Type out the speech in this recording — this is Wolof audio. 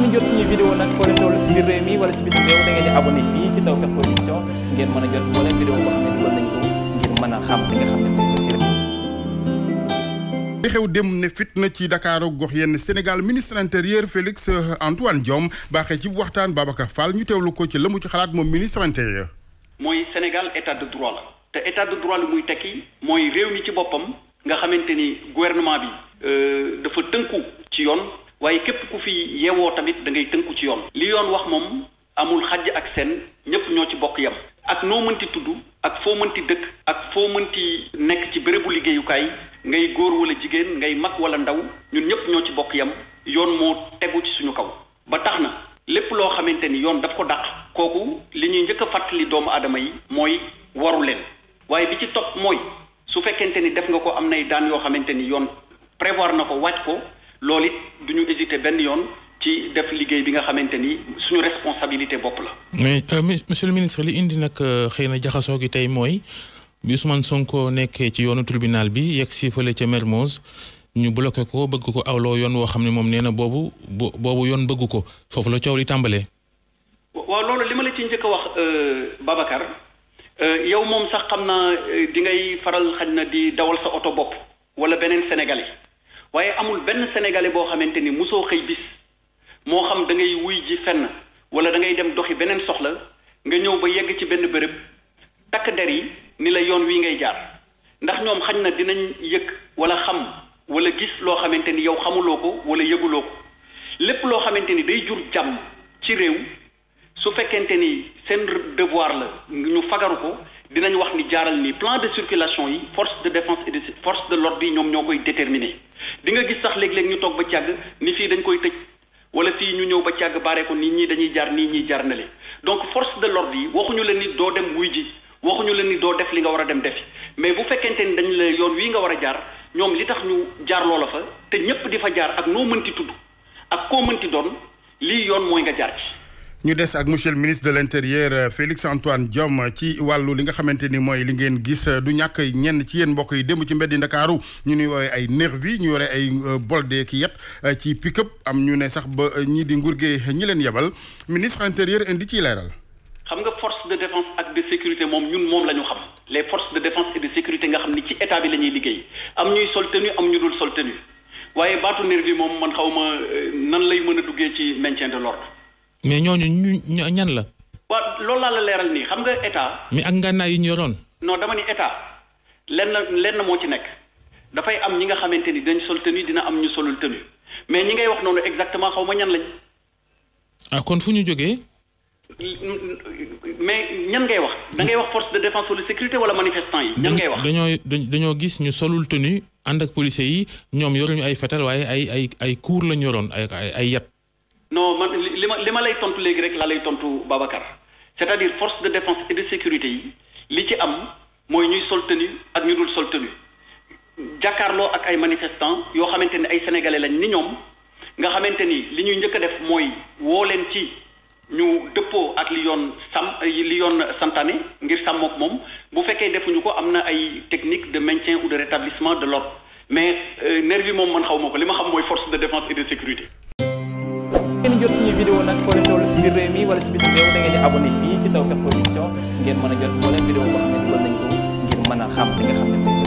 ngeen jot ne dugal nañ li xew dem ne fitna ci ndakaaru gox yenn Sénégal ministre intérieur Félix Antoine Diome baaxee ci waxtaan babaka Fall ñu teewlu ko ci la mu ci xalaat moom ministre intérieur. mooy Sénégal état de droit la. te état de droit lu muy tekki mooy réew mi ci boppam nga xamante ni gouvernement bi euh, dafa tënku ci yoon. waaye képp ku fi yeewoo tamit da ngay tënku ci yoon. li yoon wax moom amul xaj ak seen ñëpp ñoo ci bokk yem. ak noo mënti tudd ak foo mënti dëkk ak foo mënti nekk ci bérébu liggéeyukaay ngay góor wala jigéen ngay mag wala ndaw ñun ñëpp ñoo ci bokk yem yoon moo tegu ci suñu kaw ba tax na lépp loo xamante ni yoon daf ko dàq kooku li ñuy njëkk a fàttali doomu aadama yi mooy waru leen waaye bi ci topp mooy su fekkente ni def nga ko am nay daan yoo xamante ni yoon prévoir na ko waaj ko loolu it hésité benn yoon ci def liggéey bi nga xamante ni suñu responsabilité bopp la. mais euh, monsieur le ministre li indi nag euh, xëy na jaxasoo gi tey mooy bi Ousmane Sonko nekkee ci yoonu tribunal bi yegg si ci ca Mermoz ñu bloqué ko bëgg ko awloo yoon woo xam ne moom nee na boobu boobu yoon bëgg ko foofu la coow li tàmbalee. waaw loolu li ma la ci njëkk wax euh, Babacar yow moom sax xam naa di faral xaj na di dawal sa oto bopp wala beneen sénégalais. waaye amul benn sénégalais boo xamante ni musoo xëy bis moo xam da ngay wuy ji fenn wala da ngay dem doxi beneen soxla nga ñëw ba yegg ci benn béréb takk der yi ni la yoon wi ngay jaar ndax ñoom xañ na dinañ yëg wala xam wala gis loo xamante ni yow xamuloo ko wala yëguloo ko lépp loo xamante ni day jur jàmm ci réew su fekkente ni seen devoir la ñu fagaru ko dinañu wax ni jaaral ni plan de circulation yi force de défense et de force de l'ordre yi ñoom ñoo koy déterminer di nga gis sax léeg-léeg ñu toog ba càgg ni fii dañ koy tëj wala fii ñu ñëw ba càgg baaree ko nit ñi dañuy jaar nii ñuy jaar nale donc force de l'ordre yi waxuñu la ni doo dem wuy ji waxuñu la ni doo def li nga war a dem defi mais bu fekkente ni dañu la yoon wii nga war a jaar ñoom li tax ñu jaar loola fa te ñépp di jaar ak noo mënti tudd ak koo mënti doon lii yoon mooy nga jaar ñu des ak monsieur le ministre de l' intérieur euh, Félix Antoine Diome ci wàllu li nga xamante ni mooy li ngeen gis euh, du ñàkk ñenn ci yéen mbokk yi démb ci mbeddi ndakaaru ñu nuy woowee ay nervi ñu yore ay euh, boldee ki yet ci pick-up am ñu ne sax ba ñii di ngurgee ñi leen yebal ministre intérieur indi ciy leeral. xam nga force de défense ak de sécurité moom ñun moom la ñu xam les forces de défense et de sécurité nga xam ni ci état bi la ñuy liggéey am ñuy sol tenue am ñu dul waaye baatu nervi moom man xaw ma nan lay mën a duggee ci maintien de mais ñooñu ñu ñan la. waaw lool laa la leeral nii xam nga état. mais ak ngànnaay yi ñu yoroon. non dama ni état lenn lenn moo ci nekk dafay am ñi nga xamante ni dañ sol tenue dina am ñu solul tenue mais ñi ngay wax noonu exactement xaw ma ñan lañ. ah kon fu ñu mais ñan ngay wax. da ngay wax force de sécurité wala manifestant yi. ngay wax dañoo dañoo gis ñu solul tenue ànd ak policiers yi ñoom yoruñu ay fetal waaye ay ay ay cour lañ yoroon ay ay yat. non li ma li ma lay tontu léegi rek laa lay tontu Babacar c'est-à-dire force de défense et de sécurité yi li ci am mooy ñuy sol tenue ak ñu dul sol tenue jàkkaarloo ak ay manifestant yoo xamante ni ay sénégalais lañ ni ñoom nga xamante ni li ñuy njëkk a def mooy woo leen ci ñu dëppoo ak li yoon sam li yoon santaane ngir sàmmook moom bu fekkee defuñu ko am na ay technique de maintien ou de rétablissement de l'ordre mais euh, nervi moom man xaw ma ko li ma xam mooy force de défense et de ngeen jot suñuy vidéo nag foo si biir réew mi wala si bitim réew da ngeen di abonné fii si Tawfekh ngeen mën a jot moo leen vidéo boo xam ne dugal nañ ko ngir a xam